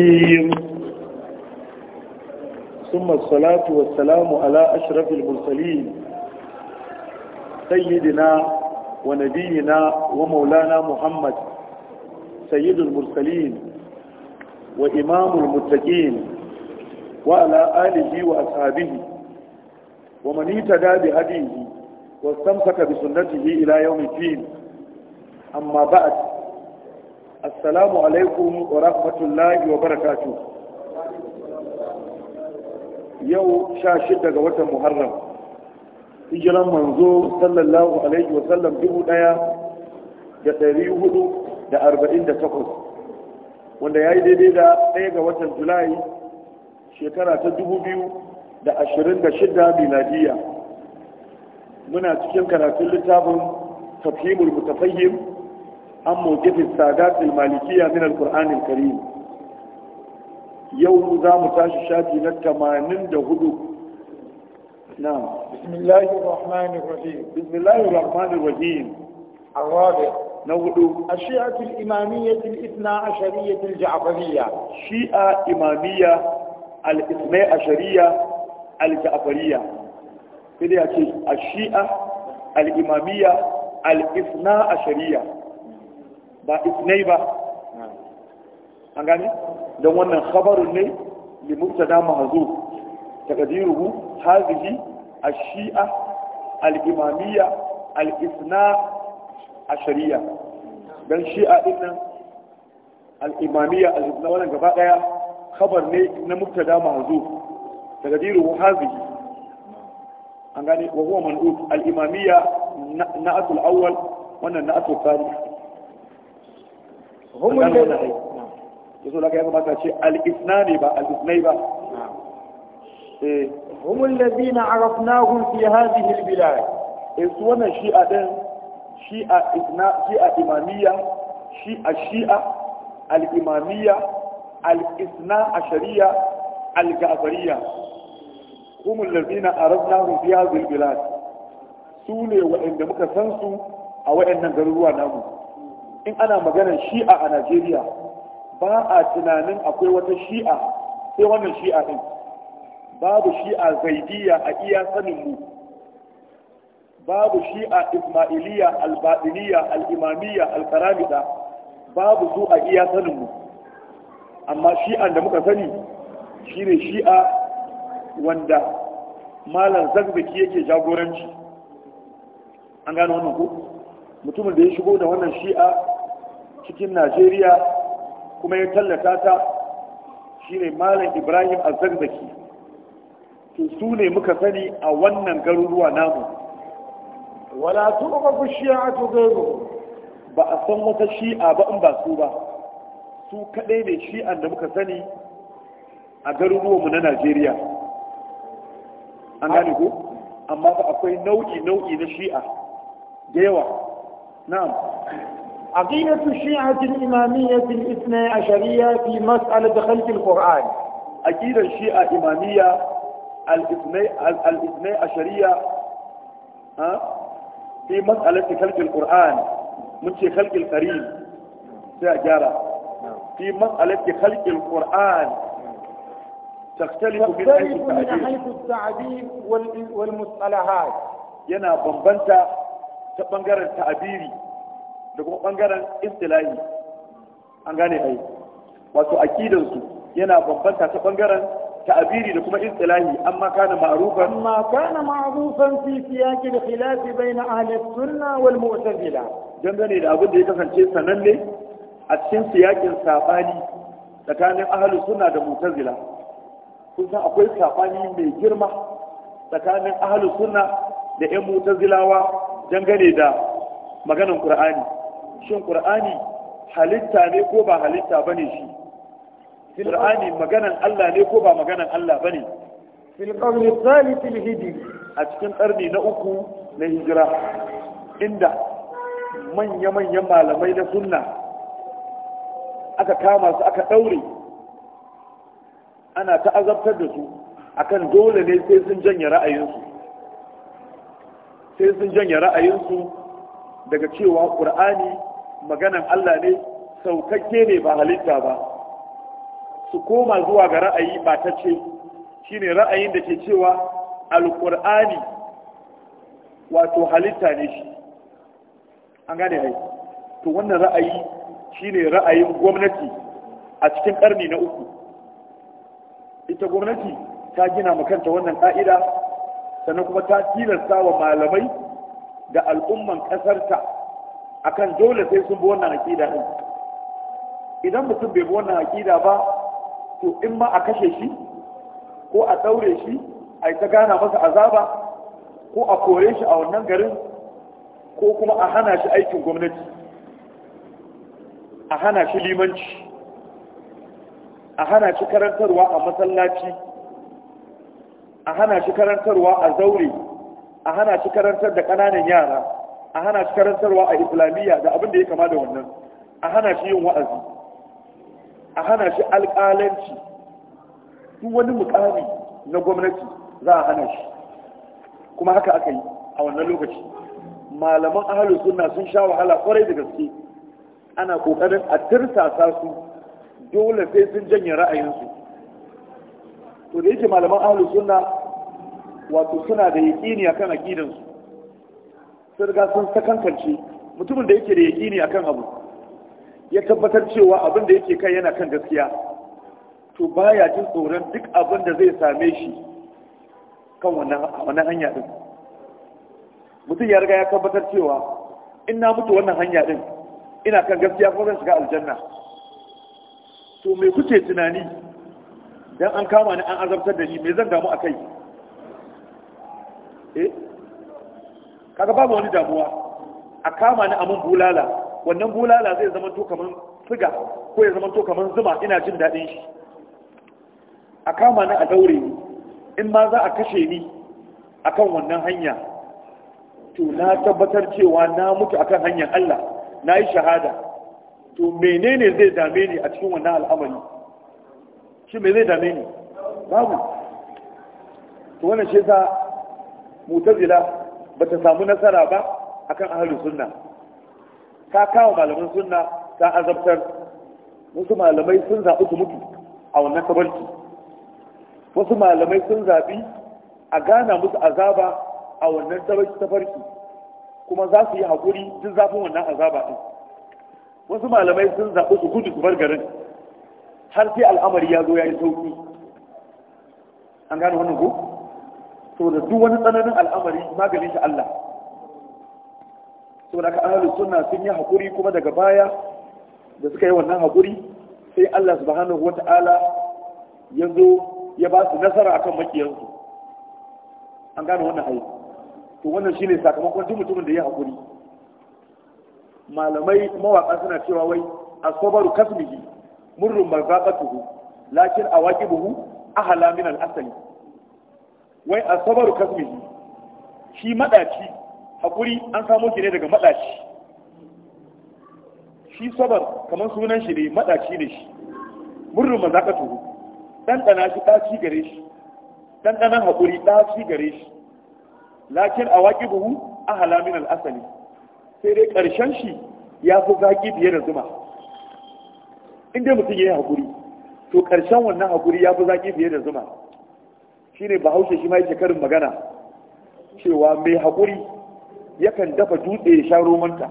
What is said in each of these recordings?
الرحيم ثم الصلاة والسلام على أشرف المرسلين سيدنا ونبينا ومولانا محمد سيد المرسلين وإمام المتقين وعلى آله وأصحابه ومن اهتدى بهديه واستمسك بسنته إلى يوم الدين أما بعد assalamu alaikum wa rahmatullahi wa barakatu yau sha shida ga watan muharram hijiran manzo sallallahu alaihi wa sallam dubu daya da ɗari hudu da arba'in da takwas wanda ya yi daidai da ɗaya ga watan julai shekara ta dubu biyu da ashirin da shida miladiya muna cikin karatun littafin tafhimul mutafayyim عن موجب السادات المالكية من القرآن الكريم يوم ذا متاش شاتي نتمانين دهدو نعم بسم الله الرحمن الرحيم بسم الله الرحمن الرحيم الرابع نقول الشيعة الإمامية الاثنى عشرية الجعفرية شيعة إمامية الاثنى عشرية الجعفرية كده الشيعة الإمامية الاثنى عشرية ba isnai ba an gane don wannan khabarun ne li mubtada mahzuf taqdiruhu hadhihi ash-shi'a al-imamiyya al-ithna ashariya dan shi'a din nan al-imamiyya al-ithna wannan gaba daya khabar ne na mubtada mahzuf taqdiruhu hadhihi an gane wa huwa mandub al-imamiyya na'atul awwal wannan na'atul thalith humul ladai yaso da kai kuma ta ce al-isnani ba al-isnai ba eh humul ladina arafnahum fi hadhihi al-bilad eh, su wannan shi'a shi'a isna shi'a imamiyya shi'a shi'a al-imamiyya ashariya al-ghafariyya humul ladina arafnahum fi hadhihi al muka san su a wa'annan garuruwa namu in ana maganar shi'a a najeriya ba a tunanin akwai wata shi'a sai wannan shi'a ɗin. babu shi'a zaidiya a iya saninmu babu shi'a ismailiya albadiniya al'imamiya alkaramida babu su a iya saninmu amma Shi'a da muka sani shine shi'a wanda malam zazzaki yake jagoranci an gano wannan ku mutumin da ya shigo da wannan shi'a cikin najeriya kuma ya tallata ta shine malam ibrahim azzakzaki to su ne muka sani a wannan garuruwa namu wala shi'a shi'atu ghayru ba a san wata shi'a ba in ba su ba su kadai ne shi'an da muka sani a garuruwanmu na najeriya an gane ku? amma ba akwai nau'i nau'i na shi'a da yawa نعم عقيدة الشيعة الإمامية الاثنى عشرية في مسألة خلق القرآن عقيدة الشيعة الإمامية الاثنى عشرية في مسألة خلق القرآن من خلق القريب سيجارة في مسألة خلق القرآن تختلف, تختلف من حيث التعديل والمصطلحات ينا بمبنتا ta bangaren ta'abiri da kuma bangaren istilahi an gane ai wato aqidansu yana bambanta ta bangaren ta'abiri da kuma istilahi amma kana ma'rufan amma kana ma'rufan fi siyaq al-khilaf bain ahli sunna wal mu'tazila gane da abin da ya kasance sananne a cikin siyakin sabani tsakanin ahli sunna da mu'tazila kun san akwai sabani mai girma tsakanin ahli sunna da ƴan mutazilawa dangane da maganan ƙur'ani. shin ƙur'ani halitta ne ko ba halitta bane shi qur'ani maganan Allah ne ko ba maganan Allah bane fil qawl al hijri a cikin karni na uku na hijira inda manya-manyan malamai na sunna aka kama su aka ɗaure, ana ta azabtar da su akan dole ne sai sun janye ra'ayinsu sai sun janye ra'ayinsu daga cewa ƙur'ani maganan Allah ne saukakke ne ba halitta ba su koma zuwa ga ra'ayi ba ta ce shi ne ra'ayin da ke cewa alƙur'ani wato halitta ne shi an gane ai to wannan ra'ayi shi ne ra'ayin gwamnati a cikin ƙarni na uku ita gwamnati ta gina makanta wannan ƙa'ida sannan kuma ta tilasta wa malamai da al'umman ƙasarta kan dole sai sun bi wannan aƙida ɗin idan mutum bai bi wannan aƙida ba to in ma a kashe shi ko a ɗaure shi a yi ta gana masa azaba ko a kore shi a wannan garin ko kuma a hana shi aikin gwamnati a hana shi limanci a hana shi karantarwa a masallaci a hana shi karantarwa a zaure a hana shi karantar da ƙananan yara a hana shi karantarwa a islamiyya da abin da ya kama da wannan a hana shi yin wa'azi a hana shi alƙalanci duk wani mukami na gwamnati za a hana shi kuma haka aka yi a wannan lokaci malaman ahalu sunna sun sha wahala kwarai da gaske ana kokarin a tirsasa su dole sai sun janye ra'ayinsu to da yake malaman ahlus sunna wato suna da yaqini akan aqidan su sun riga sun sakankance mutumin da yake da yaqini akan abu ya tabbatar cewa abin da yake kai yana kan gaskiya to baya jin tsoron duk abin da zai same shi kan wannan hanya din mutum ya riga ya tabbatar cewa in na mutu wannan hanya din ina kan gaskiya ko zan shiga aljanna to me kuke tunani dan an kama ni an azabtar da ni me zan damu akai eh kaga babu wani damuwa a kama ni amin bulala wannan bulala zai zama to kaman siga ko ya zama to kaman zuma ina jin daɗin shi a kama ni a daure ni in ma za a kashe ni akan wannan hanya to na tabbatar cewa na mutu akan hanyar Allah na yi shahada to menene zai dame ni a cikin wannan al'amari shi mai zai dame ni babu to wannan shi yasa mutazila ba ta samu nasara ba akan ahlus sunna ka kawo malaman sunna ka azabtar wasu malamai sun zaɓi su mutu a wannan kabarci wasu malamai sun zaɓi a gana musu azaba a wannan tafarki kuma za su yi haƙuri duk zafin wannan azaba ɗin wasu malamai sun zaɓi su gudu su bar garin har sai al'amari ya zo ya yi sauki an gane wannan ko da duk wani tsananin al'amari magani shi Allah da ka ahalu sunna sun yi haƙuri kuma daga baya da suka yi wannan haƙuri sai Allah subhanahu wata'ala ya zo ya ba su nasara akan makiyansu an gane wannan ayi. to wannan shine sakamakon duk mutumin da ya haƙuri malamai mawaƙa suna cewa wai asbaru kasmihi murrun marzaqatuhu lakin awaqibuhu ahla min al-asali wai asabaru kasmihi shi madaci hakuri an samo shi daga madaci shi sabar kamar sunan shi ne madaci ne shi murrun marzaqatuhu dan dana shi daci gare shi dan dana hakuri daci gare shi lakin awaqibuhu ahla min al-asali sai dai ƙarshen shi ya fi zaki biye da zuma in dai mutum ya yi haƙuri to ƙarshen wannan haƙuri ya fi zaƙi fiye da zuma shi ne bahaushe shi ma yake karin magana cewa mai haƙuri yakan dafa dutse ya sha romanta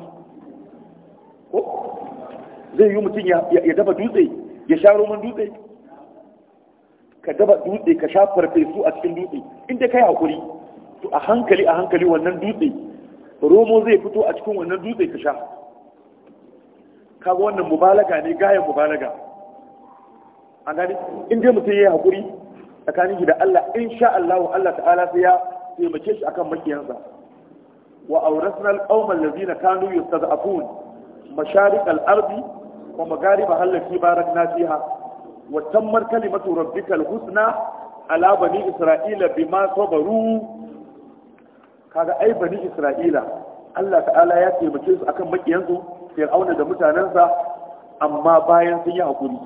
zai yi mutum ya dafa dutse ya sha roman dutse ka dafa dutse ka sha farfesu a cikin dutse in dai ka yi haƙuri to a hankali a hankali wannan dutse romo zai fito a cikin wannan dutse ka sha kaga wannan mubalaga ne gayan mubalaga an gani in dai mutum ya yi hakuri tsakanin shi da Allah in sha Allah Allah ta'ala sai ya taimake shi akan makiyansa wa awrasna alqawma allazina kanu yastad'afun masharik al-ardi wa Magari allati barakna fiha wa tammat kalimatu rabbika husna ala bani isra'ila bima sabaru kaga ai bani isra'ila Allah ta'ala ya taimake su akan makiyansu fir'auna da mutanensa amma bayan sun yi haƙuri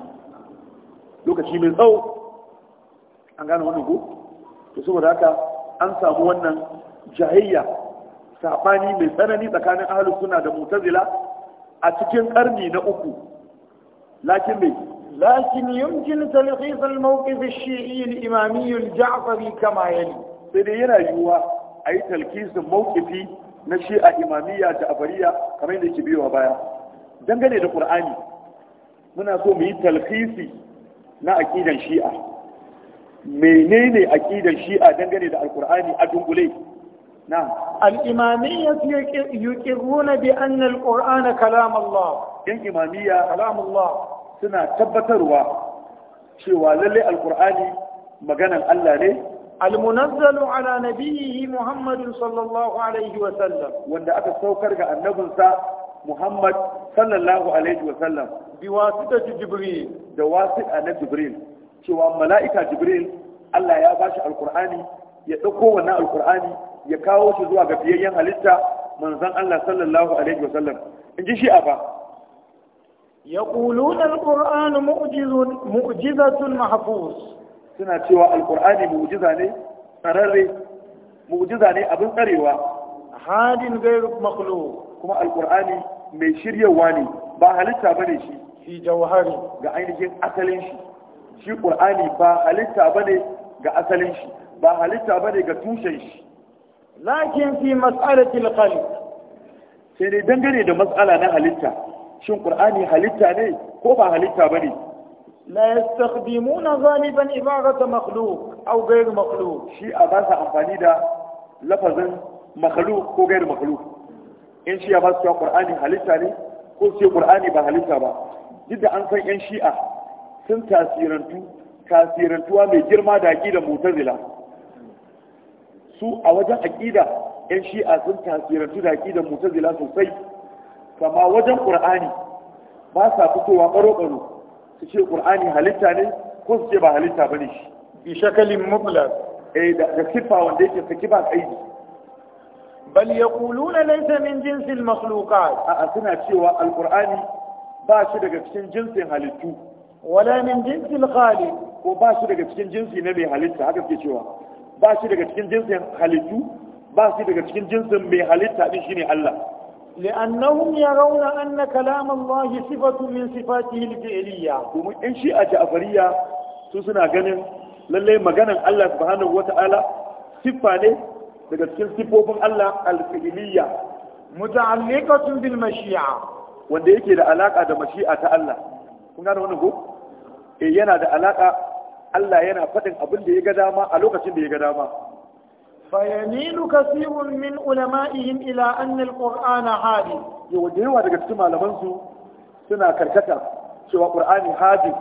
lokaci mai tsawo an gane wannan ko to saboda haka an samu wannan jahayya sabani mai tsanani tsakanin ahlus suna da mu'tazila a cikin karni na uku lakin mai lakin yumkin talqis al-mawqif ash-shi'i jafari kama yali sai dai yana yiwuwa ayi talqisin mawqifi na shi'a imamiyya da abariya kamar yadda yake biyowa baya dangane da qur'ani muna so mu yi talhisi na aqidan shi'a menene aƙidan shi'a dangane da alqur'ani a dungule na'am al-imamiyya yuqirruna bi anna al-qur'ana yan imamiyya kalamallah suna tabbatarwa cewa lalle Alkur'ani maganan Allah ne المنزل على نبيه محمد صلى الله عليه وسلم وان aka saukar ga annabinsa Muhammad sallallahu alaihi wasallam bi wasitati Jibril da wasita na Jibril cewa mala'ika Jibril Allah ya bashi alqur'ani ya dauko wannan alqur'ani ya kawo shi zuwa ga biyayyen halitta manzon Allah sallallahu alaihi wasallam inji shi aba يقولون القرآن معجز معجزة محفوظ suna cewa alkur'ani mu'jiza ne tsararre mu'jiza ne abin tsarewa hadin gairu makhluq kuma alkur'ani mai shiryawa ne ba halitta bane shi fi jawhari ga ainihin asalin shi shi qur'ani ba halitta bane ga asalin shi ba halitta bane ga tushen shi lakin fi mas'alati alqalb sai dai dangane da mas'ala na halitta shin qur'ani halitta ne ko ba halitta bane لا يستخدمون غالبا عبارة مخلوق أو غير مخلوق شيء أباس أمفاني دا لفظا مخلوق أو غير مخلوق إن شيء أباس يا قرآني هلسة لي ko sai Qur'ani ba halitta ba duk da an san yan shi'a sun tasirantu tasirantuwa mai girma da aqida mu'tazila su a wajen aqida yan shi'a sun tasirantu da aqida mu'tazila sosai kama wajen ƙur'ani ba sa fitowa baro baro su ce qur'ani halitta ne ko su ce ba halitta bane shi bi shakalin mutlaq eh da sifa wanda yake saki ba kaidi bal yaquluna laysa min jinsil makhluqat a suna cewa alqur'ani ba shi daga cikin jinsin halittu wala min jinsil khaliq ko ba shi daga cikin jinsi na mai halitta haka suke cewa ba shi daga cikin jinsin halittu ba shi daga cikin jinsin mai halitta din shine Allah لأنهم يرون أن كلام الله صفة من صفاته الفعلية ومن إن شيء أجابرية سوسنا جنن للي مجانا الله سبحانه وتعالى صفة daga cikin sifofin Allah alfi'iliya muta'alliqatun bil mashi'a wanda yake da alaƙa da mashi'a ta Allah kun gane wannan ko eh yana da alaka Allah yana faɗin abin da ya ga dama a lokacin da ya ga dama فيميل كثير من علمائهم إلى أن القرآن هادي يوجهوا هذا كتما لمنزو سنة كركتا شو القرآن هادي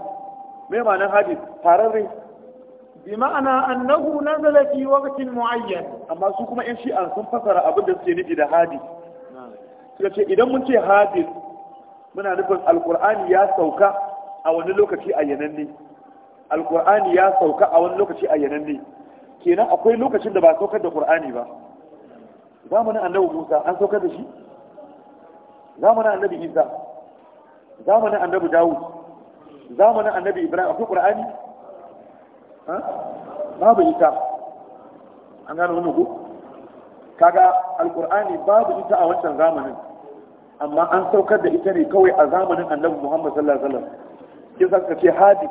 ما معنى هادي قرري بمعنى أنه نزل في وقت معين أما سوكما إن شيء أن سنفسر أبدا سينجد هادي suka ce idan mun ce hadis muna nufin alkur'ani ya sauka a wani lokaci a yananne alkur'ani ya sauka a wani lokaci a yananne kenan akwai lokacin da ba saukar da qur'ani ba zamanin annabi Musa an saukar da shi zamanin annabi Isa zamanin annabi Dawud zamanin annabi Ibrahim akwai qur'ani ha babu ita an gano wannan ku? kaga Alƙur'ani babu ita a wancan zamanin amma an saukar da ita ne kawai a zamanin annabi Muhammad sallallahu alaihi wasallam kin san ka ce hadi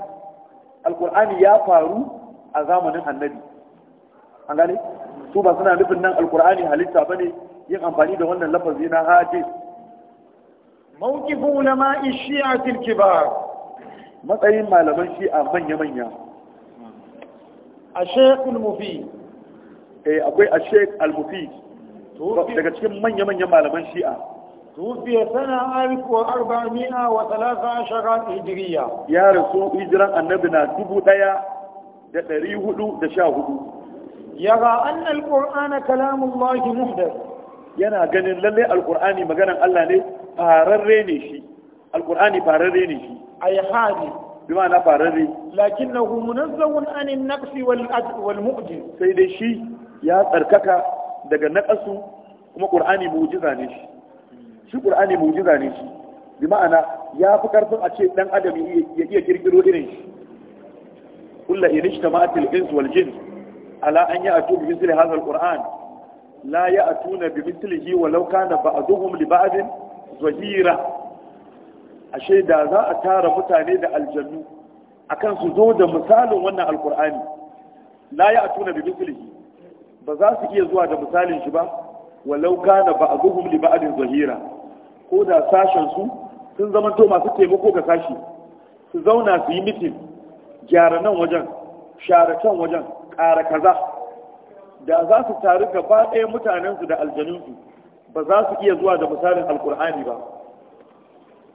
Alƙur'ani ya faru a zamanin annabi an gane su ba suna nufin nan alkur'ani halitta ba ne yin amfani da wannan lafazi na hadis mawkifu ulama shi'a ba matsayin malaman shi'a manya-manya a shekul mufi eh akwai a shek al-mufi daga cikin manya-manyan malaman shi'a tufiya sana alifu arba'ami'a wa talata ashara hijiriya ya rasu hijiran annabi na dubu daya da ɗari hudu da sha hudu yara Alƙur'ana qur'ana kalamullahi muhdath yana ganin lallai Alƙur'ani maganan Allah ne fararre ne shi Alƙur'ani fararre ne shi A ay hadi bima na fararre na lakinnahu munazzahun anin naqsi wal wal mu'jiz sai dai shi ya tsarkaka daga naqasu kuma ƙur'ani mu'jiza ne shi shi ƙur'ani mu'jiza ne shi bi ma'ana ya fi ƙarfin a ce ɗan adam ya iya ƙirƙiro irin shi kullu inishtama'atil ins wal jinn ala an ya'tu bi mithli hadha alquran la ya'tuna bi mithlihi walau kana ba'dhum li ba'din zahira ashe da za a tara mutane da aljannu akan su zo da misalin wannan alqur'ani la ya'tuna bi mithlihi ba za su iya zuwa da misalin shi ba walau kana ba'dhum li ba'din zahira ko da sashen su sun zama to masu taimako ga sashi su zauna su yi mitin gyara nan wajen share can wajen ƙara kaza da za su taru gaba ɗaya mutanensu da aljanunsu ba za su iya zuwa da misalin alkur'ani ba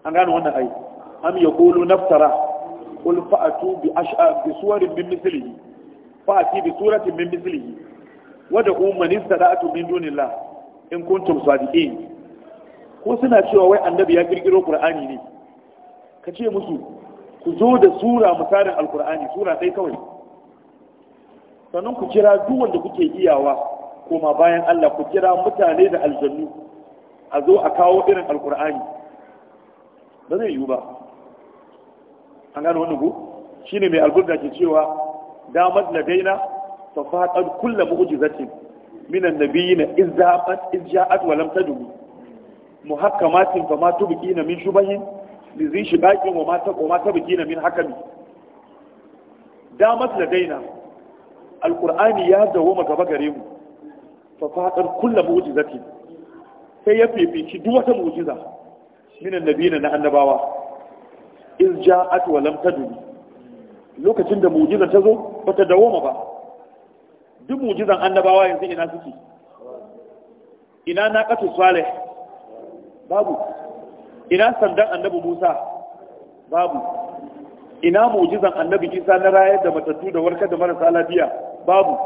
an gano wannan ai am ya kulu naftara kul fa'atu bi ash'a bi suwarin min mislihi fa'ati bi suratin min mislihi wa da umman istada'atu min dunillah in kuntum sadiqin ko suna cewa wai annabi ya kirkiro qur'ani ne ka ce musu ku zo da sura misalin alkur'ani sura ɗaya kawai sannan ku kira duk wanda kuke iyawa koma bayan Allah ku kira mutane da aljannu a zo a kawo irin alkur'ani ba zai yiwu ba an gano wani ku shine mai alburga ke cewa damar daina ta faɗar kulla mu'jizatin minan nabiyina izzabat izja'at wa lam haka muhakkamatin fa ma tubqina min shubahin lizi shibaqin wa ma taqwa ma tubqina min hakami damar ladaina alkur'ani ya dawoma gaba gare mu fa fadar kullu mu'jizati sai ya fifici duk wata mu'jiza min annabiyina na annabawa iz ja'at wa lam tadri lokacin da mu'jiza ta zo ba ta dawoma ba duk mu'jizan annabawa yanzu ina suke ina naqatu salih babu ina sandan annabi Musa babu ina mu'jizan annabi Isa na rayar da matattu da warkar da marasa lafiya babu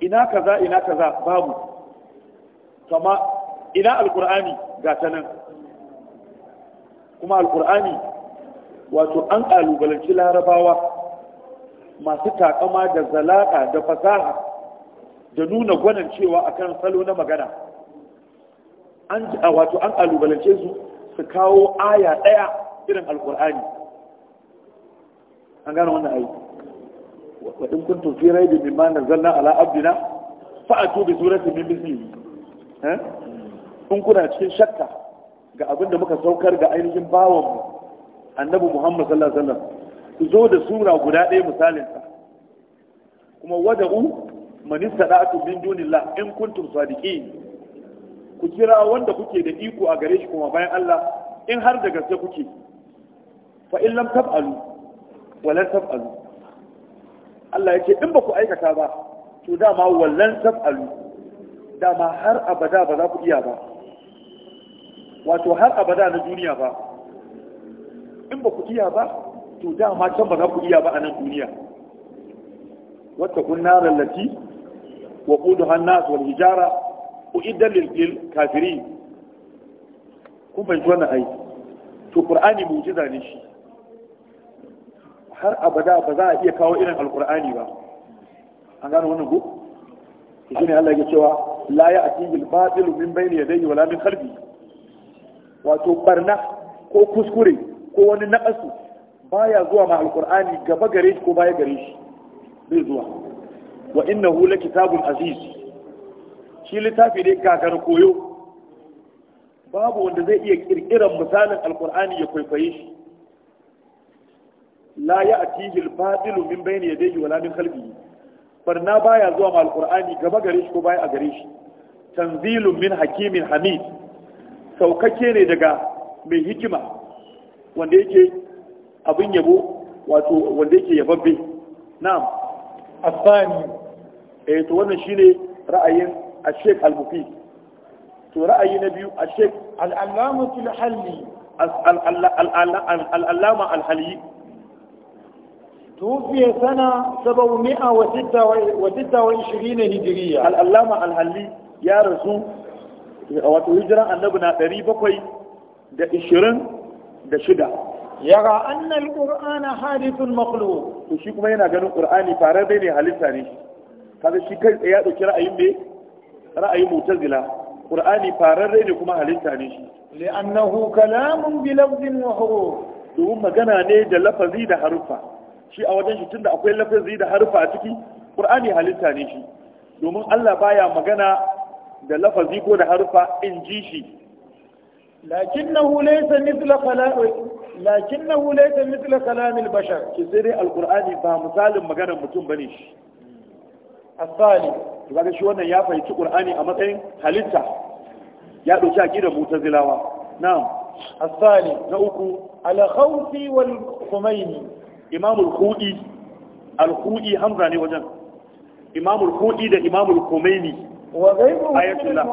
ina kaza ina kaza babu kama ina alqur'ani ga ta nan kuma alqur'ani wato an kalubalanci larabawa masu takama da zalaka da fasaha da nuna gwanin cewa akan salo na magana an wato an kalubalance su su kawo aya daya irin alqur'ani an gane wannan ayi wa in kuntum fi raibin mimma nazzalna ala abdina atu bi surati min mithlihi eh in kuna cikin shakka ga abin da muka saukar ga ainihin bawan mu annabi Muhammad sallallahu alaihi wasallam ku zo da sura guda ɗaya misalin ta kuma wada'u man istada'tu min dunillah in kuntum sadiqin ku kira wanda kuke da iko a gare shi kuma bayan Allah in har da gaske kuke fa in lam taf'alu walan taf'alu Allah ya ce in ba ku aikata ba to dama walan taf'alu dama har abada ba za ku iya ba wato har abada na duniya ba in ba ku iya ba to dama can ba za ku iya ba a nan duniya wata kun narar lati wa kudu hannas wal hijara ku idan lil kafirin kun fahimci wannan aiki. to qur'ani mu'jiza ne shi har abada ba za a iya kawo irin alkur'ani ba an gano wannan ku to shine Allah ya cewa la ya'tihi al-batil min bayni yadayhi wala min khalfi wato barna ko kuskure ko wani naqasu baya zuwa ma alkur'ani gaba gare shi ko baya gare shi bai zuwa wa innahu kitabun aziz shi littafi ne kakar koyo babu wanda zai iya kirkiran misalin alkur'ani ya kwaikwaye shi la a atihi al-batilu min bayni yadayhi wala min khalfihi barna baya zuwa ma gaba gare shi ko baya a shi tanzilun min hakimin hamid saukake ne daga mai hikima wanda yake abin yabo wato wanda yake yababbe na'am asani eh to wannan shine ra'ayin ash-sheikh to ra'ayi na biyu ash-sheikh توفي سنة سبعمائة وستة وستة وعشرين هجرية الألامة الهلي يا رسول wato hijiran annabi na ɗari bakwai da ishirin da shida yara annal qur'ana hadithun makhluq to kuma yana ganin qur'ani farar ne halitta ne kaga shi ya dauki ra'ayin motar ra'ayin Ƙur'ani qur'ani farar ne kuma halitta ne shi li'annahu kalamun domin magana ne da lafazi da harufa shi a wajen shi tunda akwai lafazi da harfa a ciki ƙur'ani halitta ne shi domin Allah baya magana da lafazi ko da harfa in ji shi lakinnahu laysa mithla kalam lakinnahu laysa mithla bashar ki sai dai al ba misalin maganar mutum bane shi asali to kaga shi wannan ya fahimci qur'ani a matsayin halitta ya dauki akida mutazilawa na'am asali na uku al-khawfi wal khumaini imamul hudi al-hudi hamza ne wajen imamul hudi da imamul khomeini wa ghayru ayatullah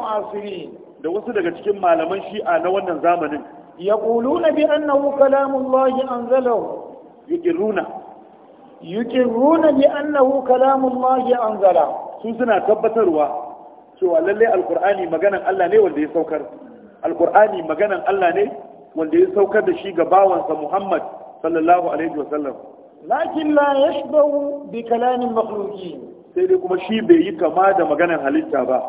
da wasu daga cikin malaman shi'a na wannan zamanin Ya yaquluna bi annahu kalamullahi anzalahu yuqirruna yuqirruna bi annahu kalamullahi anzala su suna tabbatarwa cewa lalle alqur'ani maganan Allah ne wanda ya saukar alqur'ani maganan Allah ne wanda ya saukar da shi ga bawansa Muhammad sallallahu alaihi wa sallam lakin la yashbahu bi kalamin makhluqin sai dai kuma shi bai yi kama da maganar halitta ba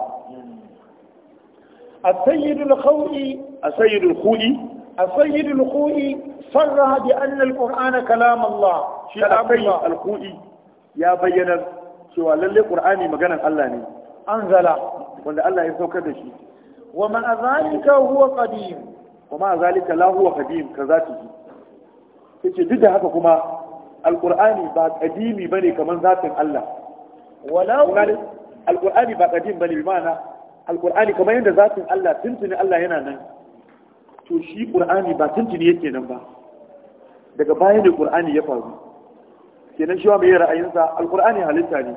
السيد الخوئي السيد الخوئي السيد الخوئي صرح بأن القرآن كلام الله كلام الله الخوئي يا بينا cewa lalle qur'ani maganar Allah ne anzala wanda Allah ya saukar da shi wa ma zalika huwa qadim wa ma zalika ka yace duk da haka kuma alkur'ani ba ba bane kaman zatin Allah walau alqur'ani ba qadim bane bi ma'ana alkur'ani kamar yadda zatin Allah tuntuni Allah yana nan to shi qur'ani ba tuntuni yake nan ba daga baya ne qur'ani ya faru kenan shi wa mai ra'ayinsa alkur'ani halitta ne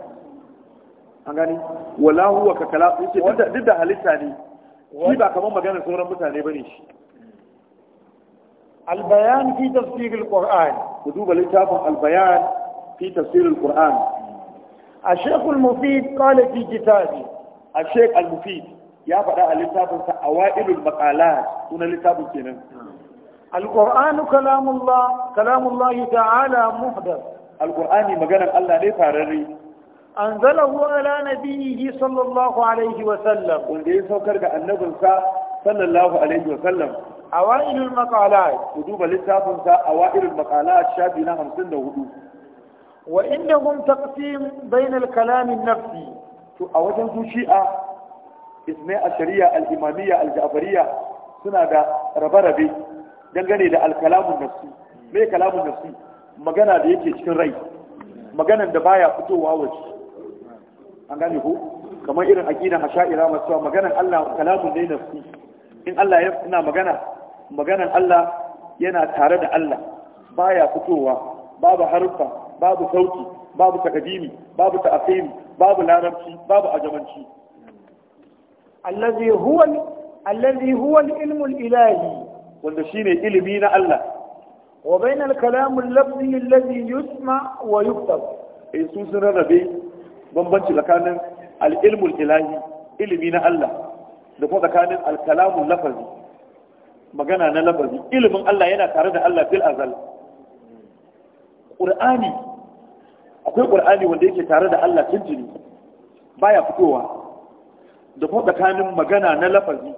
an gani wala huwa ka kala duk da halitta ne shi ba kamar maganar sauran mutane bane shi albayan fi tafsirul qur'an ku duba littafin albayan fi tafsirul qur'an الشيخ المفيد قال في كتابه الشيخ المفيد يا فدا الكتاب اوائل المقالات هنا الكتاب كده القران كلام الله كلام الله تعالى محدث القران مغنى الله ne fararre anzalahu ala nabiyhi sallallahu alaihi wa sallam wanda ya saukar ga annabinsa sallallahu alaihi wa sallam awailul maqalat ku duba littafin sa awailul maqalat shafi na 54 wa innahum taqsim bain al kalam an nafsi to a wajen su shi'a ismai ashariya al imamiyya al ja'fariyya suna da rabe-rabe dangane da al kalamun nafsi me kalamun nafsi magana da yake cikin rai maganan da baya fitowa waje an gane ko kamar irin aqidan hasha'ira masu maganan Allah kalamun ne nafsi in Allah yana magana maganan Allah yana tare da Allah baya fitowa babu haruffa, babu sauti babu takadimi babu ta'asiri babu larabci babu ajamanci allazi huwa allazi huwa al-ilmu al-ilahi wanda shine ilimi na Allah wa bainal kalam al-lafzi alladhi yusma wa yuktab Isu eh, sun rabe bambanci tsakanin al-ilmu al-ilahi ilimi na Allah da kuma tsakanin alkalamun lafazi magana na lafazi ilimin Allah yana tare da Allah fil azal qur'ani akwai qur'ani wanda yake tare da Allah tuntuni baya fitowa da kuma tsakanin magana na lafazi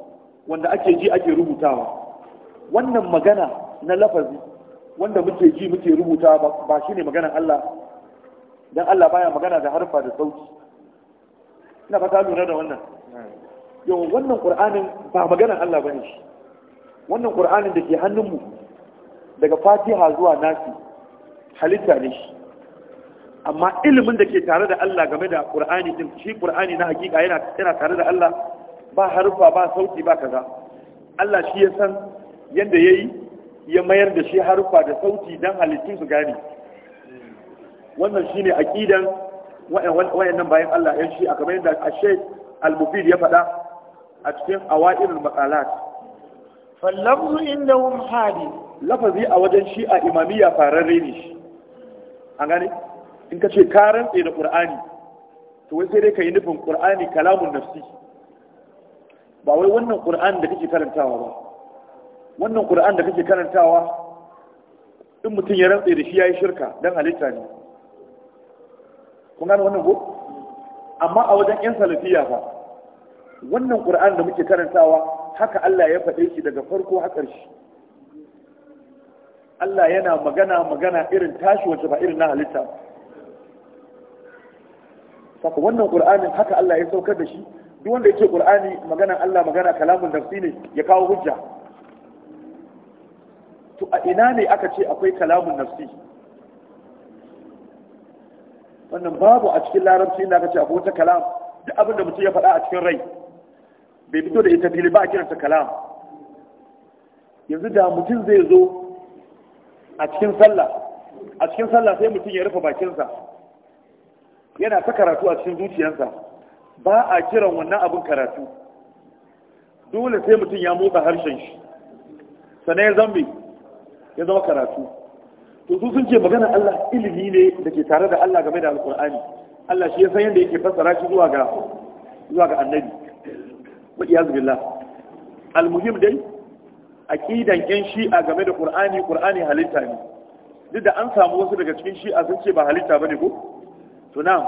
wanda ake ji ake rubutawa wannan magana na lafazi wanda muke ji muke rubutawa ba shine maganar Allah dan Allah baya magana da harfa da sauti ina fata lura da wannan yau wannan ƙur'anin ba maganar Allah ba ne shi wannan ƙur'anin da ke hannunmu daga fatiha zuwa nasi halitta ne shi amma ilimin da ke tare da Allah game da ƙur'ani din shi ƙur'ani na hakika yana tare da Allah ba harfa ba sauti ba kaza Allah shi ya san yadda ya yi ya mayar da shi harfa da sauti don halittun su gane wannan shi ne aƙidan wayannan bayan Allah yan shi a kamar yadda a shek al-mufid ya faɗa a cikin awa'irul maqalat fallamzu indahum hadi lafazi a wajen a imamiyya fararre ne shi an gane in ka ce ka rantse da qur'ani to wai sai dai ka yi nufin qur'ani kalamun nafsi ba wai wannan qur'ani da kake karantawa ba wannan qur'ani da kake karantawa in mutum ya rantse da shi yayi shirka dan halitta ne kun gane wannan ko amma a wajen yan salafiya fa wannan ƙura'an da muke karantawa haka Allah ya faɗe shi daga farko har ƙarshe Allah yana magana magana irin tashi wace ba irin na halitta saka wannan ƙura'anin haka Allah ya saukar da shi duk wanda yake ƙura'ani magana Allah magana kalamun nafsi ne ya kawo hujja to a ina ne aka ce akwai kalamun nafsi wannan babu a cikin larabci inda aka ce akwai wata kalam duk abin da mutum ya faɗa a cikin rai bai fito da ita fili ba a kiransa kalam yanzu da mutum zai zo a cikin sallah a cikin sallah sai mutum ya rufe bakinsa yana ta karatu a cikin zuciyarsa ba a kiran wannan abin karatu dole sai mutum ya motsa harshen shi Sana ya zambe ya zama karatu to su sun ce magana Allah ilimi ne da ke tare da Allah game da alkur'ani Allah shi ya san yadda yake fassara shi zuwa ga zuwa ga annabi wa almuhim dai aqidan yan shi'a game da qur'ani qur'ani halitta ne duk da an samu wasu daga cikin shi'a sun ce ba halitta bane ko to na'am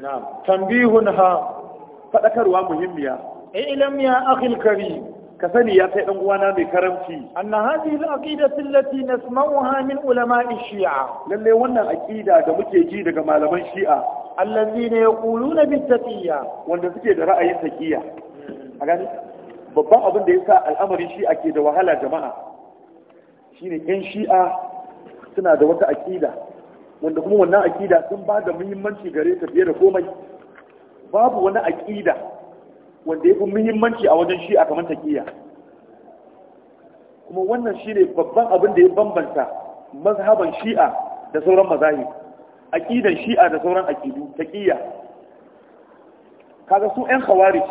na'am tanbihun ha fadakarwa muhimmiya ilam ya akhil karim ka sani ya kai dan uwana mai karamci anna hadhihi al-aqidatu allati nasma'uha min ulama'i shi'a lalle wannan aqida da muke ji daga malaman shi'a allazina yaquluna bittaqiyya wanda suke da ra'ayin taqiyya a gani babban abin da yasa al'amarin shi'a ke da wahala jama'a shine yan shi'a suna da wata aqida wanda kuma wannan aqida sun ba da muhimmanci gare ta fiye da komai babu wani aqida wanda ya fi muhimmanci a wajen shi a kamar taƙiyya kuma wannan shi ne babban abin da ya bambanta mazhaban shi'a da sauran mazahi aƙidan shi'a da sauran aƙidu taƙiyya kaga su 'yan khawarij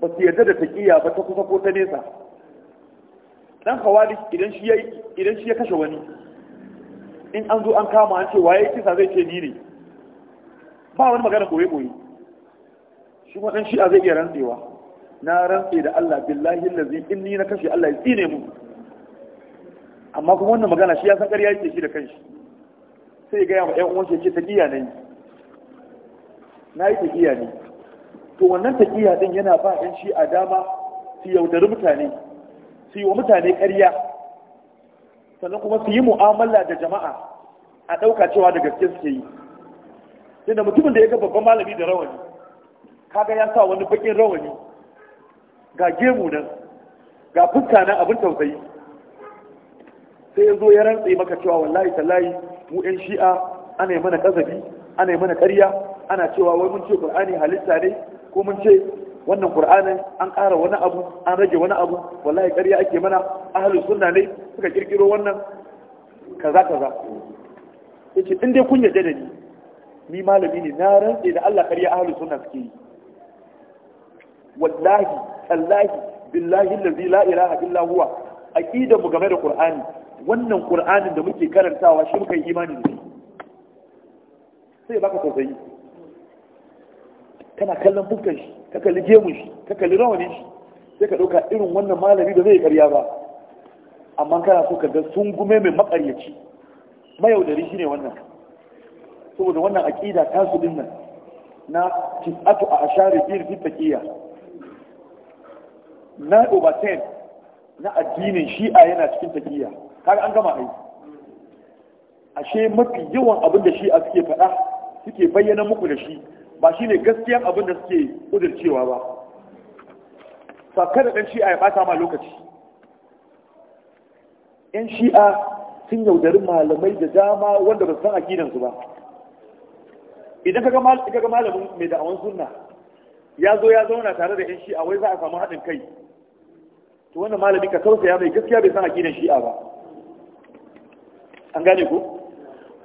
ba su yarda da taƙiyya ba ta kusa ko ta nesa dan khawarij idan shi ya kashe wani in an zo an kama an ce waye kisa zai ce ni ne ba wani magana koye koye shi kuma dan shi'a zai iya rantsewa na rantse da Allah billahi in inni na kashe Allah ya tsine mu amma kuma wannan magana shi ya san ƙarya yake shi da kanshi sai ga gaya ɗan 'yan uwan shi ce taqiya ne na yi taqiya ne to wannan taqiya din yana ba ƴan shi'a dama su yaudari mutane su yi wa mutane ƙarya sannan kuma su yi mu'amala da jama'a a ɗauka cewa da gaske suke yi sai mutumin da ya ga babban malami da rawani kaga ya sa wani bakin rawani ga gemu nan ga fuska nan abin tausayi sai ya zo ya rantse maka cewa wallahi tallahi mu yan shi'a ana yi mana kazabi ana yi mana karya ana cewa wai mun ce qur'ani halitta ne ko mun ce wannan qur'anin an ƙara wani abu an rage wani abu wallahi karya ake mana ahlus sunna ne suka kirkiro wannan kaza kaza yace in dai kun yarda da ni ni malami ne na rantse da Allah karya ahlus sunna suke yi wallahi tallahi billahi lalzi la ilaha illa huwa mu game da ƙur'ani, wannan qur'anin da muke karantawa shi muka yi imani da shi sai baka tausayi kana kallon fuskar shi ka kalli gemun shi ka kalli rawanin shi sai ka ɗauka irin wannan malami da zai karya ba amma kana so ka ga sun gume mai makaryaci mayaudari shine wannan saboda wannan aqida ta su nan, na tis'atu a ashari biyar fiqhiyya na overtain na addinin shi'a yana cikin tafiya har an gama aiki ashe mafi yawan abin da shi'a suke faɗa suke bayyana muku da shi ba shi ne gaskiyan abin da suke ƙudurcewa ba sakar da ɗan shi'a ya ɓata ma lokaci ‘yan shi'a sun yaudari malamai da dama wanda ba su san akidansu ba idan ka ga malamin mai da'awan sunna ya zo ya zauna tare da ‘yan shi'a wai za a samu haɗin kai to wannan malami ka tausaya mai gaskiya bai san aqidar shi'a ba an gane ku.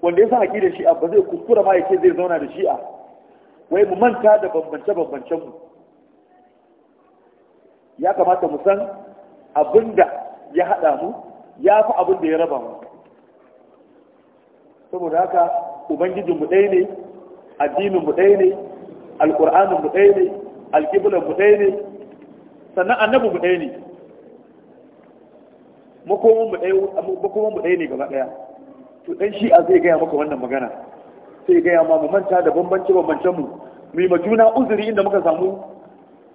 wanda ya san aqidar shi'a ba zai kuskura ma yake zai zauna da shi'a wai mu manta da bambance bambancen mu ya kamata mu san abinda ya hada mu ya fi abin da ya raba mu saboda haka ubangijin mu ɗaya ne addinin mu ɗaya ne alƙur'anin mu ɗaya ne alƙiblan mu ɗaya ne sannan annabi mu ɗaya ne makoman mu ɗaya ne gaba ɗaya to ɗan shi'a zai gaya maka wannan magana sai gaya ma mu manta da bambance bambancen mu mu yi juna uzuri inda muka samu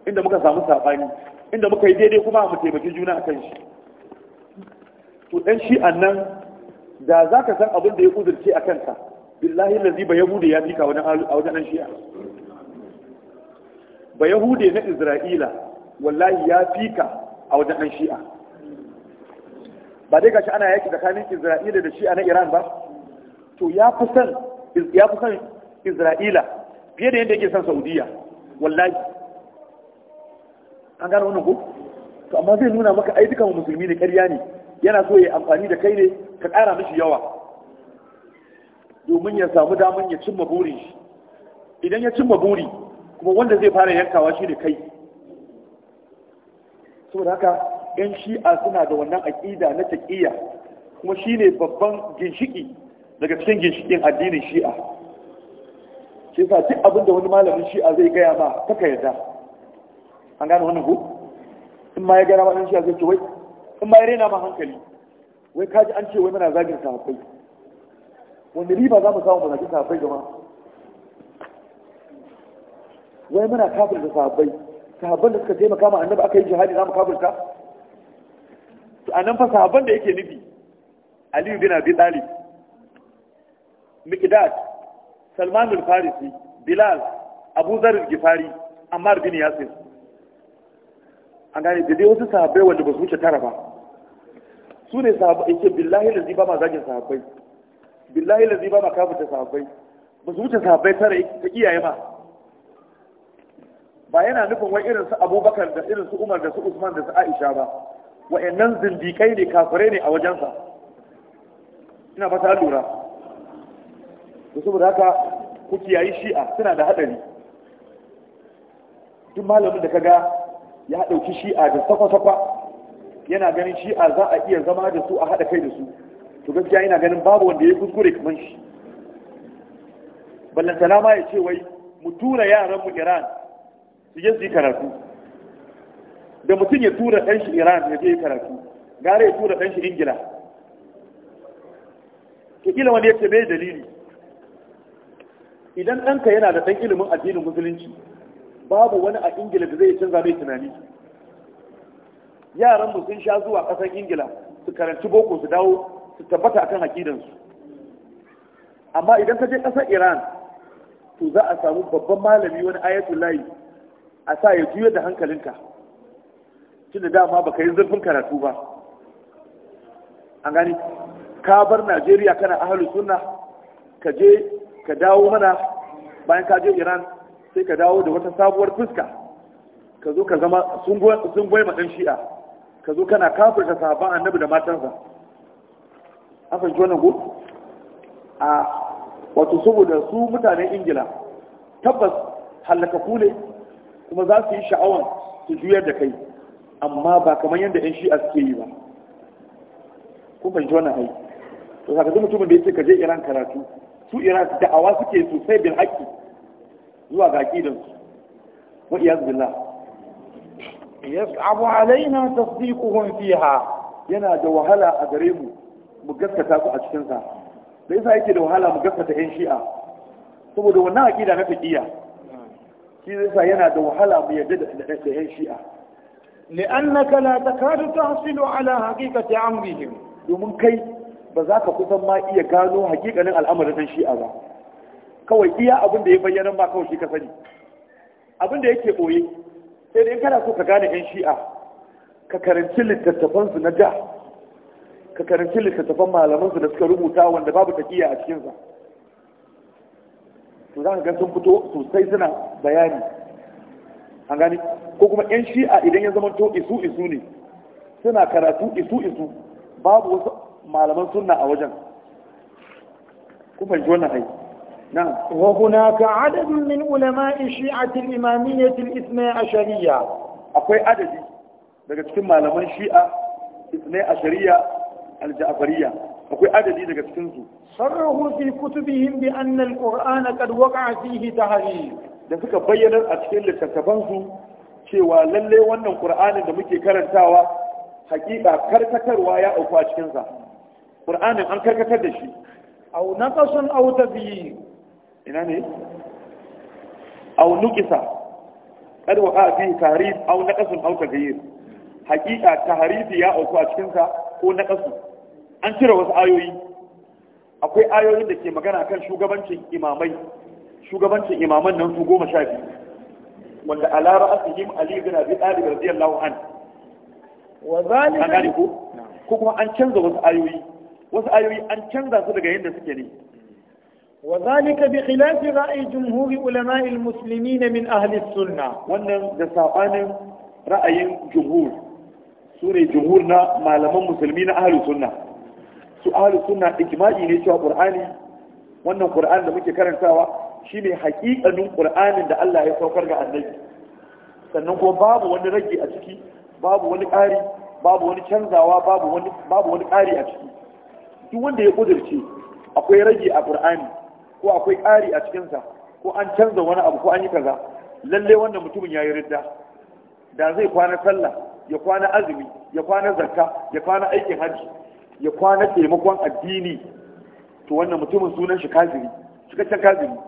inda muka samu sabani inda muka yi daidai kuma mu taimaki juna akan shi to ɗan shi'an nan da za ka san abin da ya uzurce a kanka billahi lazi ba yahude ya fika wani a wajen ɗan shi'a ba yahude na isra'ila wallahi ya fika a wajen ɗan shi'a ba dai gashi ana yaki tsakanin Isra'ila da shi a na Iran ba to ya fi san ya fi san Isra'ila fiye da yadda yake san Saudiya wallahi an gano wannan ko to amma zai nuna maka ai dukan musulmi ne ƙarya ne yana so ya amfani da kai ne ka ƙara mishi yawa domin ya samu daman ya cimma burin shi idan ya cimma buri kuma wanda zai fara yankawa shi ne kai saboda haka ɗan shi'a suna da wannan aƙida na taƙiyya kuma shi ne babban ginshiki daga cikin ginshikin addinin shi'a shi sa duk abin da wani malamin shi'a zai gaya ma kaka yarda an gane wannan ku in ma ya gara ma ɗan shi'a zai ce wai in ma ya rena ma hankali wai kaji an ce wai muna zagin sahabbai wanda riba za mu samu mu zagin sahabbai gama wai muna da sahabbai sahabban da suka taimaka ma annabi aka yi jihadi za mu kafirta a nan fa sahabban da yake nufi aliyu bin abi tsari mikidat salmanul farisi bilal abu zarar gifari ammar bin yasir an gane da dai wasu sahabbai wanda ba su wuce tara ba su ne sahabbai yake billahi da ba ma zagin sahabbai billahi da ba ma kafuta sahabbai ba su wuce sahabbai tara ta iyaye ma ba yana nufin wai irin su abubakar da irin su umar da su usman da su aisha ba wa'annan zindikai ne kafirai ne a wajensa ina ba ta lura da saboda haka ku kiyayi shi'a suna da haɗari duk malamin da ka ga ya ɗauki shi'a da safa-safa yana ganin shi'a za a iya zama da su a haɗa kai da su to gaskiya yana ganin babu wanda ya kuskure kamar shi ballantana ma ya ce wai mu tura yaran mu iran su je su yi karatu da mutum ya tura ɗan shi iran ya je karatu gara ya tura ɗan shi ingila gina wani ya ce mai dalili idan ɗanka yana da ɗan ilimin addinin musulunci babu wani a ingila da zai canza mai tunani yaran mu sun sha zuwa ƙasar ingila su karanci boko su dawo su tabbata akan hakidansu amma idan ka je ƙasar iran to za a samu babban malami wani ayatul layi a sa ya juya da hankalinka tunda dama baka yi zurfin karatu ba an gani ka bar Najeriya kana ahalu sunna ka je ka dawo mana bayan ka je Iran sai ka dawo da wata sabuwar fuska ka zo ka zama sun goyi shi'a ka zo kana kafirta sahabban annabi da matansa an fahimci wannan ko a wato saboda su mutanen ingila tabbas hallakaku ne kuma za su yi sha'awan su juyar da kai amma ba kamar yadda yan shi'a suke yi ba ko ban ji wannan aiki to saka mutumin da ce ka je Iran karatu su Iran da'awa suke sosai bil haqqi zuwa ga aqidan su wa iyaz billah yas'abu alaina tasdiquhum fiha yana da wahala a gare mu mu gaskata su a cikin sa da yasa yake da wahala mu gaskata yan shi'a saboda wannan aqida na fiqiya shi yasa yana da wahala mu yarda da yan shi'a li'annaka la takadu tahsilu ala haqiqati amrihim domin kai ba za ka kusan ma iya gano hakikanin al'amarin shi'a ba kawai iya abin da ya bayyana ba kawai shi ka sani abin da yake boye sai dai kana so ka gane yan shi'a ka karanci littattafan su na da ka karanci littattafan malaman su da suka rubuta wanda babu takiya a cikin sa to za ka ga sun fito sosai suna bayani an gani ko kuma yan shi'a idan ya zama to isu isu ne suna karatu isu isu babu wasu malaman sunna a wajen kuma ji wannan ai نعم وهناك عدد من علماء شيعة الإمامية الاثنى عشرية Akwai adadi daga cikin malaman shi'a الاثنى عشرية الجعفرية Akwai adadi daga cikin su صرحوا في كتبهم بأن القرآن قد وقع ta تحريف da suka bayyana a cikin littattafansu cewa lalle wannan qur'anin da muke karantawa hakika karkatarwa ya auku a cikinsa qur'anin an karkatar da shi aw naqasun aw tabiyin ina ne aw nuqisa kad waqa fi tahrif aw naqasun aw tabiyin hakika tahrifi ya auku a cikinsa ko naqasu an cire wasu ayoyi akwai ayoyin da ke magana kan shugabancin imamai shugabancin imaman nan su goma sha biyu wanda ala ra'asihim ali bin abi talib radiyallahu an wa zalika gane ko ko kuma an canza wasu ayoyi wasu ayoyi an canza su daga yadda suke ne wa zalika bi khilafi ra'i jumhuri ulama'i almuslimin min ahli sunna wannan da sabanin ra'ayin jumhur sune jumhur na malaman musulmi na ahli sunna su ahli sunna ijma'i ne cewa qur'ani wannan qur'ani da muke karantawa Shi ne haƙiƙanin qur'anin da Allah ya saukar ga annabi sannan kuma babu wani rage a ciki babu wani ƙari babu wani canzawa babu wani ƙari a ciki duk wanda ya ƙudurce akwai rage a ƙur'ani, ko akwai ƙari a cikinsa, ko an canza wani abu ko an yi kaza lalle wannan mutumin ya yi ridda da zai kwana sallah ya kwana azumi ya kwana zakka ya kwana aikin hajji ya kwana taimakon addini to wannan mutumin sunan shi kafiri cikakken kaziri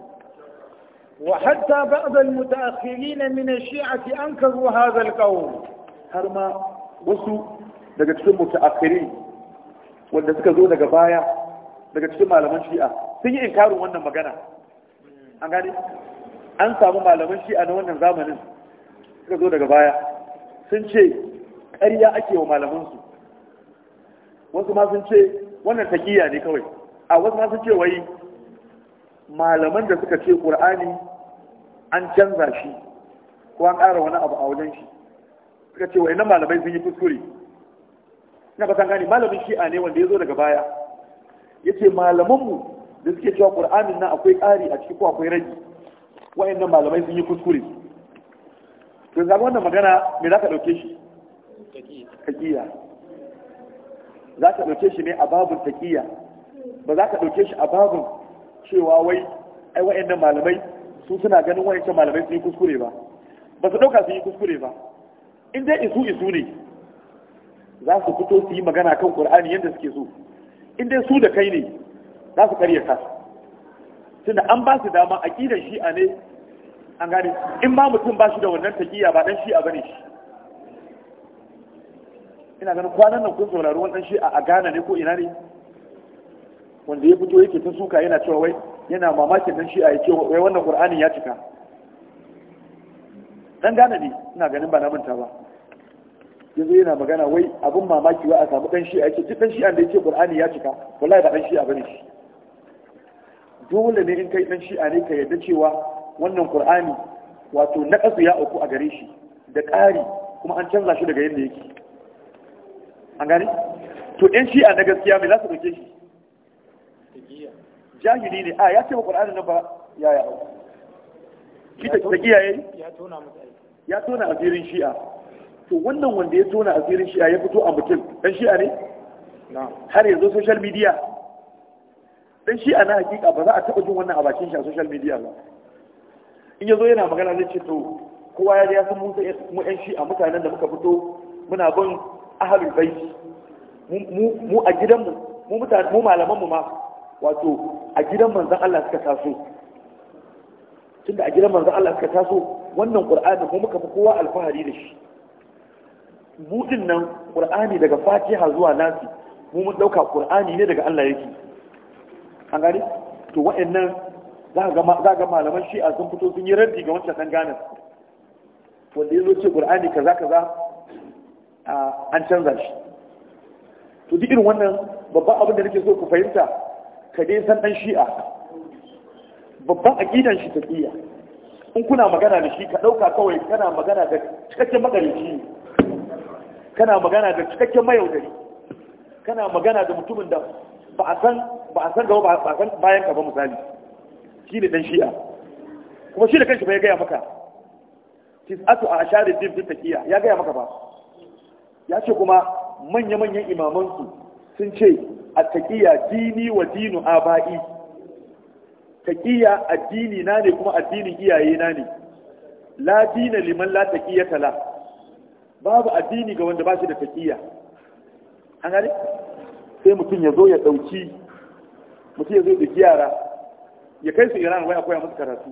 وحتى بعض المتأخرين من الشيعة أنكروا هذا القول هرما وسو daga cikin mutaakhiri wanda suka zo daga baya daga cikin malaman shi'a sun yi inkarin wannan magana an gani an samu malaman shi'a na wannan zamanin suka zo daga baya sun ce ƙarya ake wa malamansu wasu ma sun ce wannan taƙiyya ne kawai a wasu ma sun ce wai malaman da suka ce ƙur'ani an canza shi ko an ƙara wani abu a wajen shi suka ce wa'annan malamai sun yi kuskure ina ba gani malamin shi'a ne wanda ya zo daga baya ya ce malamanmu da suke cewa ƙur'anin nan akwai ƙari a ciki ko akwai rage wa'annan malamai sun yi kuskure to zaɓi wannan magana me za ka ɗauke shi taƙiya za ka ɗauke shi ne a babun taƙiya ba za ka ɗauke shi a babun cewa wai ai wa'annan malamai su suna ganin can malamai sun yi kuskure ba ba su ɗauka sun yi kuskure ba in dai isu isu ne za su fito su yi magana kan ƙur'ani yadda suke so in dai su da kai ne za su karya ka tunda an ba su dama aƙidar shi'a ne an gane in ba mutum ba shi da wannan taƙiyya ba ɗan shi'a bane shi ina ganin kwanan nan kun saurari wani ɗan shi'a a Ghana ne ko ina ne wanda ya fito yake ta suka yana cewa wai yana mamakin dan shi'a ya ce wai wannan ƙur'anin ya cika dan gane ne ina ganin ba na manta ba yanzu yana magana wai abin mamaki wa a samu dan shi'a yake duk dan shi'a da yake qur'ani ya cika wallahi ba dan shi'a bane shi dole ne in kai dan shi'a ne ka yadda cewa wannan ƙur'ani wato na ƙasa ya auku a gare shi da ƙari kuma an canza shi daga yadda yake an gane to shi shi'a na gaskiya me za su ɗauke shi jahili ne a ya ce wa qur'ani na ba ya ya shi ta kiyaye ya tona ya tona asirin shi'a to wannan wanda ya tona asirin shi'a ya fito a mutum dan shi'a ne har yanzu social media dan shi'a na hakika ba za a taɓa jin wannan a bakin shi a social media ba in yazo yana magana zai ce to kowa ya san mun mu ɗan shi'a mutanen da muka fito muna bin ahlul bait mu a gidanmu mu mutane mu malaman mu ma wato a gidan manzan Allah suka taso tunda a gidan manzan Allah suka taso wannan qur'ani kuma muka fi kowa alfahari da shi mu nan qur'ani daga fatiha zuwa nasi mu mun dauka qur'ani ne daga Allah yake an gani to wa'annan za ga malaman shi'a sun fito sun yi raddi ga wancan dan ganin wanda yazo ce qur'ani kaza kaza an canza shi to duk irin wannan babban abin da nake so ku fahimta ka dai san dan shi'a babban aqidan shi tafiya in kuna magana da shi ka dauka kawai kana magana da cikakken magarici kana magana da cikakken mayaudari kana magana da mutumin da ba a san ba san gaba ba a san bayan ka ba misali shi ne dan shi'a kuma shi da kanshi bai gaya maka tis'atu a asharin din fit tafiya ya gaya maka ba ya ce kuma manya-manyan imamansu sun ce A taƙiya dini wa dinu aba'i taƙiya addini na ne kuma addinin iyaye na ne la dina liman la taƙiya tala babu addini ga wanda ba shi da taƙiya. an gane sai mutum ya zo ya dauki mutum ya zo da yara ya kai su Iran wai akwai musu karatu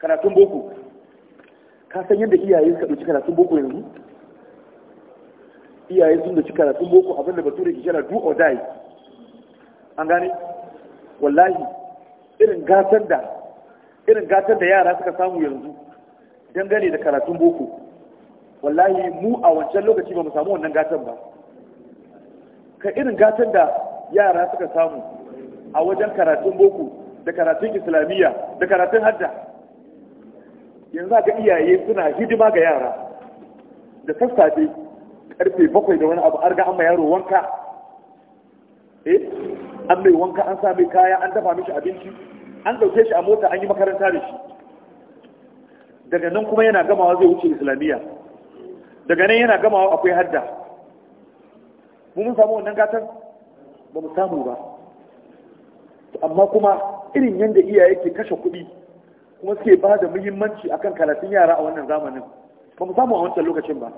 karatun boko ka san yadda iyaye suka dauki karatun boko yanzu iyaye sun dauki karatun boko abinda bature ke kira do or die an gane wallahi irin gatar da irin gatar da yara suka samu yanzu dangane da karatun boko wallahi mu a wancan lokaci ba mu samu wannan gatar ba ka irin gatar da yara suka samu a wajen karatun boko da karatun islamiyya da karatun hadda yanzu ga iyaye suna hidima ga yara da sassafe karfe bakwai da wani abu an ga an yaro wanka eh an mai wanka an sa kaya an dafa mishi abinci an dauke shi a mota an yi makaranta da shi daga nan kuma yana gamawa zai wuce islamiyya daga nan yana gamawa akwai hadda mun samu wannan gatan ba mu samu ba amma kuma irin yadda iyaye ke kashe kuɗi kuma suke ba da muhimmanci akan karatun yara a wannan zamanin ba mu samu a wancan lokacin ba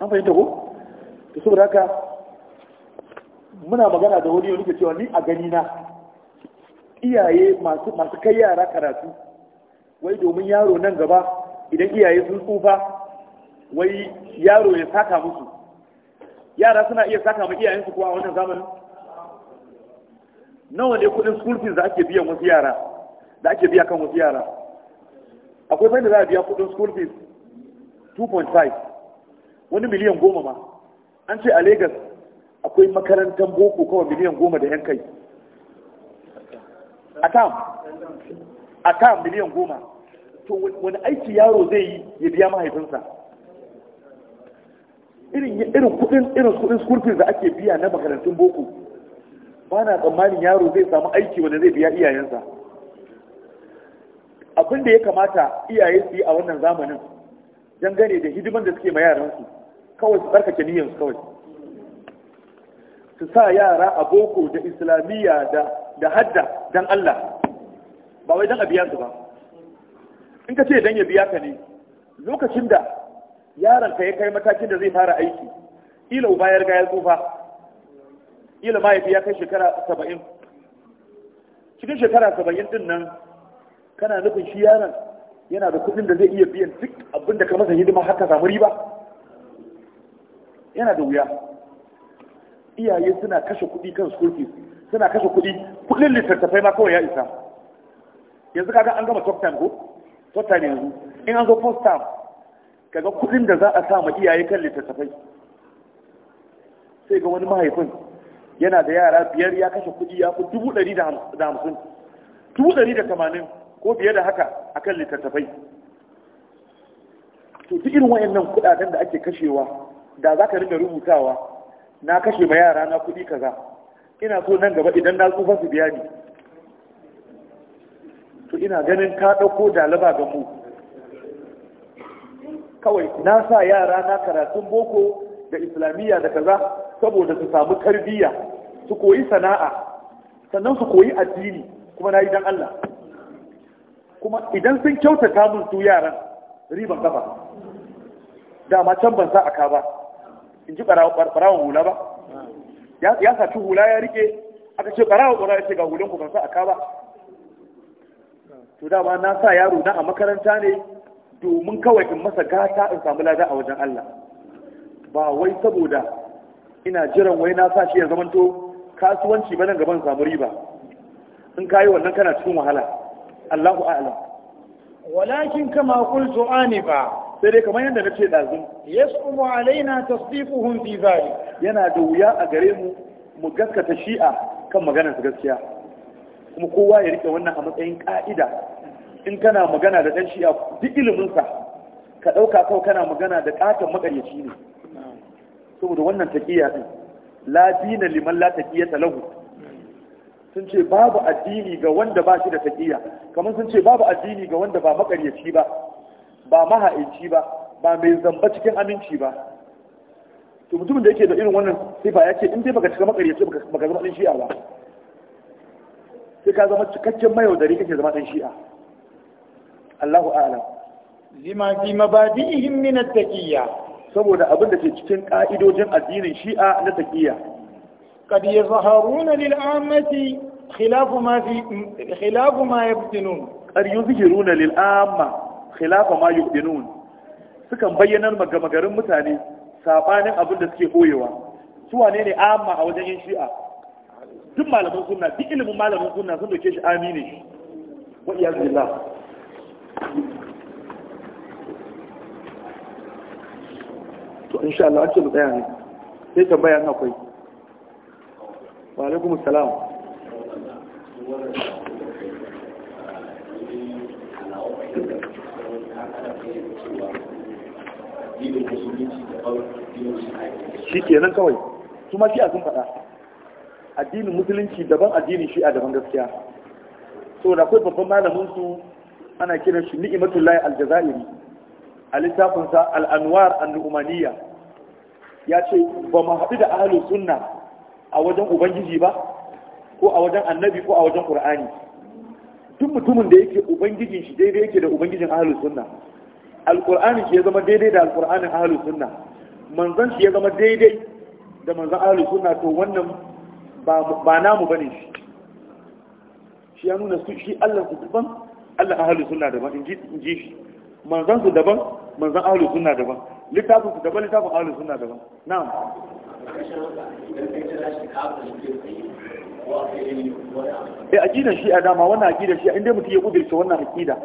an fahimta ko to saboda haka muna magana da wani wani cewa ni a gani na iyaye masu masu kai yara karatu wai domin yaro nan gaba idan iyaye sun tsufa wai yaro ya saka musu yara suna iya saka iyayen iyayensu kuwa a wannan zamanin nawa ne kudin school fees da ake biyan wasu yara da ake biya kan wasu yara akwai da za a biya kudin school fees 2.5 wani miliyan goma ma an ce a lagos akwai makarantar boko kawai miliyan goma da yan kai a tam a tam miliyan goma to wani aiki yaro zai yi ya biya mahaifinsa irin kudin irin kudin skurfin da ake biya na makarantun boko ba na tsammanin yaro zai samu aiki wanda zai biya iyayensa abin da ya kamata iyaye su yi a wannan zamanin dangane da hidiman da suke ma yaransu kawai su tsarkake niyyarsu kawai su sa yara a boko da islamiyya da hadda don Allah ba wai don a biya su ba in ka ce don ya biya ka ne lokacin da yaron ka ya kai matakin da zai fara aiki ila uba gayar tsufa ila ya kai shekara saba'in cikin shekara saba'in din nan kana nufin shi yaron yana da kudin da zai iya biyan duk abin da ka masa hidima haka samu riba yana da wuya iyaye suna kashe kuɗi kan school fees suna kashe kuɗi kuɗin littattafai ma kawai ya isa yanzu kaga an gama top time ko top time yanzu in an zo first time kaga kuɗin da za a sa ma iyaye kan littattafai sai ga wani mahaifin yana da yara biyar ya kashe kuɗi ya fi dubu ɗari da hamsin dubu ɗari da tamanin ko biye da haka akan littattafai to duk irin wayannan kuɗaɗen da ake kashewa da za ka riga rubutawa na kashe ma yara na kuɗi kaza ina so nan gaba idan na tsufa su biya ni to ina ganin ka ɗauko dalaba ga mu kawai na sa yara na karatun boko da islamiyya da kaza saboda su samu tarbiyya su koyi sana'a sannan su koyi addini kuma na yi don Allah kuma idan sun kyautata mun su yaran riban gaba, dama can ban sa aka ba in ji ɓarawon hula ba hmm. ya saci hula ya rike aka ce barawan hula ya ce ga hulanku ban sa aka ba to dama na sa yaro na a makaranta ne domin kawai in masa gata in samu lada a wajen Allah ba wai saboda ina jiran wai na sa shi ya zamanto kasuwanci ba nan gaban samu riba in kayi wannan kana cikin wahala Allahu a'lam walakin kama qultu anifa sai dai kamar yadda na ce ɗazu yasqumu alaina tasdiquhum fi zalik yana da wuya a gare mu mu gaskata shi'a kan maganar su gaskiya kuma kowa ya rike wannan a matsayin ka'ida in kana magana da ɗan shi'a duk iliminsa ka ɗauka kawai kana magana da ƙaton maƙaryaci ne saboda wannan taƙiyya ɗin la dina liman la taƙiyya lahu sun ce babu addini ga wanda ba shi da taƙiyya kamar sun ce babu addini ga wanda ba maƙaryaci ba ba mahaici ba ba mai zamba cikin aminci ba to mutumin da yake da irin wannan sifa ya ce in dai baka cika makaryaci baka zama ɗan shi'a ba sai ka zama cikakken mayaudari kake zama ɗan shi'a Allahu a'lam lima fi mabadi'ihim min at-taqiyya saboda abin da ke cikin ka'idojin addinin shi'a na taqiyya qad yazharuna lil ammati khilafu ma fi khilafu ma yabtinun qad yuzhiruna lil amma khilafa ma yubdinun sukan bayyanar magamagarin mutane sabanin abin da suke koyewa su wane ne amma a wajen yin shi'a duk malamin sunna duk ilimin malamin sunna sun doke shi amine wa iyaz billah to insha Allah ake mu tsaya ne sai tambaya bayan akwai wa Thank you. addinin shi kenan kawai kuma sun faɗa addinin musulunci daban addinin shi a daban gaskiya so da akwai babban malamin su ana kiran shi al aljazairi a littafin sa al-anwar an-nu'maniyya ya ce ba mu haɗu da ahlus sunna a wajen ubangiji ba ko a wajen annabi ko a wajen qur'ani duk mutumin da yake ubangijin shi daidai yake da ubangijin ahlus sunna alkur'ani shi ya zama daidai da a ahlus sunna manzan shi ya zama daidai da manzan ahlus sunna to wannan ba ba namu bane shi shi ya nuna su shi Allah su daban Allah ahlus sunna daban in ji shi manzan su daban manzan ahlus sunna daban littafin su daban littafin ahlus sunna daban na'am e eh, ƙidan shi a dama wannan ƙidan shi inda mutum ya ƙudurce wannan ƙida.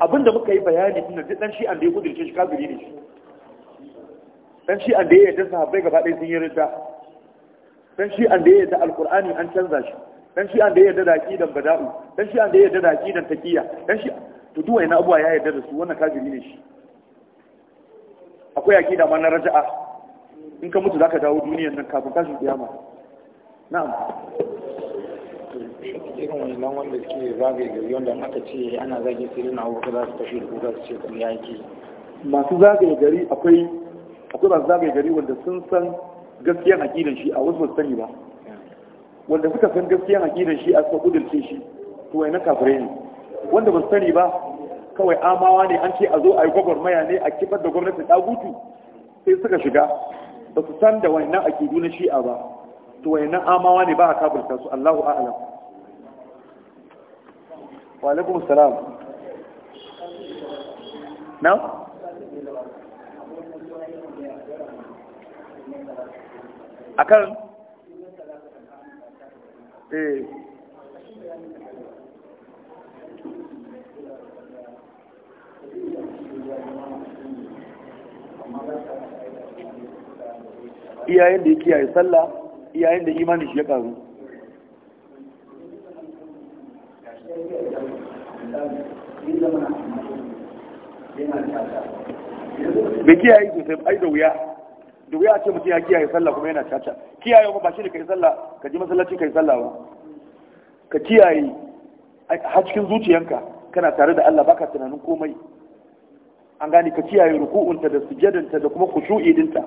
abinda muka yi bayani din nan ɗan shi'an da ya kudurce shi kafiri ne shi Ɗan shi da ya yarda sahabbai gaba ɗaya sun yi rinta Ɗan shi da ya yarda alƙur'ani an canza shi Ɗan shi da ya yarda da don bada'u Ɗan shi da ya yarda da aqidan taqiyya ɗan shi to duk wani abuwa ya yarda da su wannan kafiri ne shi akwai da ma na raja'a in ka mutu zaka dawo duniyar nan kafin tashin kiyama na'am irin wannan wanda suke zagaye gari wanda aka ce ana zagaye sai na abu za su tafi da kuka su ce kuma yaki masu zagaye gari akwai akwai masu zagaye gari wanda sun san gaskiyan aƙidar shi a wasu ba sani ba wanda suka san gaskiyan aƙidar shi a suka kudurce shi to wai na kafirai ne wanda ba su sani ba kawai amawa ne an ce a zo a yi gwagwarmaya ne a kifar da gwamnati ta gutu sai suka shiga ba su san da wannan akidu na shi'a ba to wayannan amawa ne ba a kafirta su Allahu a'lam wa alaikum salam na akan eh iyayen da ya kiyaye sallah iyayen da imanin shi ya karu bai kiyaye sosai ai da wuya da wuya ce mutum ya kiyaye sallah kuma yana caca kiyaye ba shi ne kai sallah ka ji masallaci kai sallah ba ka kiyaye a cikin zuciyanka kana tare da Allah baka tunanin komai an gane ka kiyaye ruku'unta da sujadanta da kuma khushu'i dinta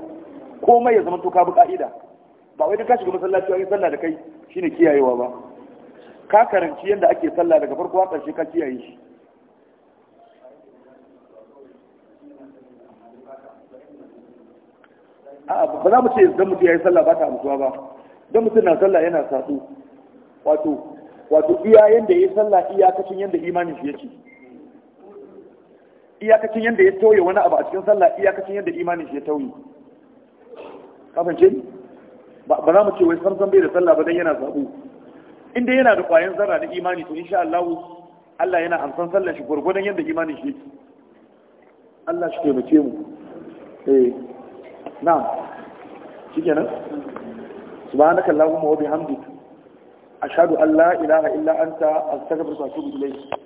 komai ya zama to ka bi ka'ida ba wai ka shiga masallaci wani sallah da kai shine kiyayewa ba ka karanci yadda ake sallah daga farko har karshe ka kiyaye shi a'a ba za mu ce idan mutum ya yi sallah ba ta amsuwa ba idan mutum na sallah yana sadu wato wato iya yanda ya yi sallah iyakacin yanda imanin shi yake iyakacin yanda ya tauye wani abu a cikin sallah iyakacin yanda imanin shi ya tauye kafance ba za mu ce wai samsan bai da sallah ba dan yana sabo inda yana da kwayan zarra na imani to insha Allah Allah yana amsan sallar shi gurgurdan yanda imanin shi yake Allah shi taimake mu eh na'am shikenan subhanaka allahumma wa bihamdika ashhadu an la ilaha illa anta astaghfiruka wa atubu ilayk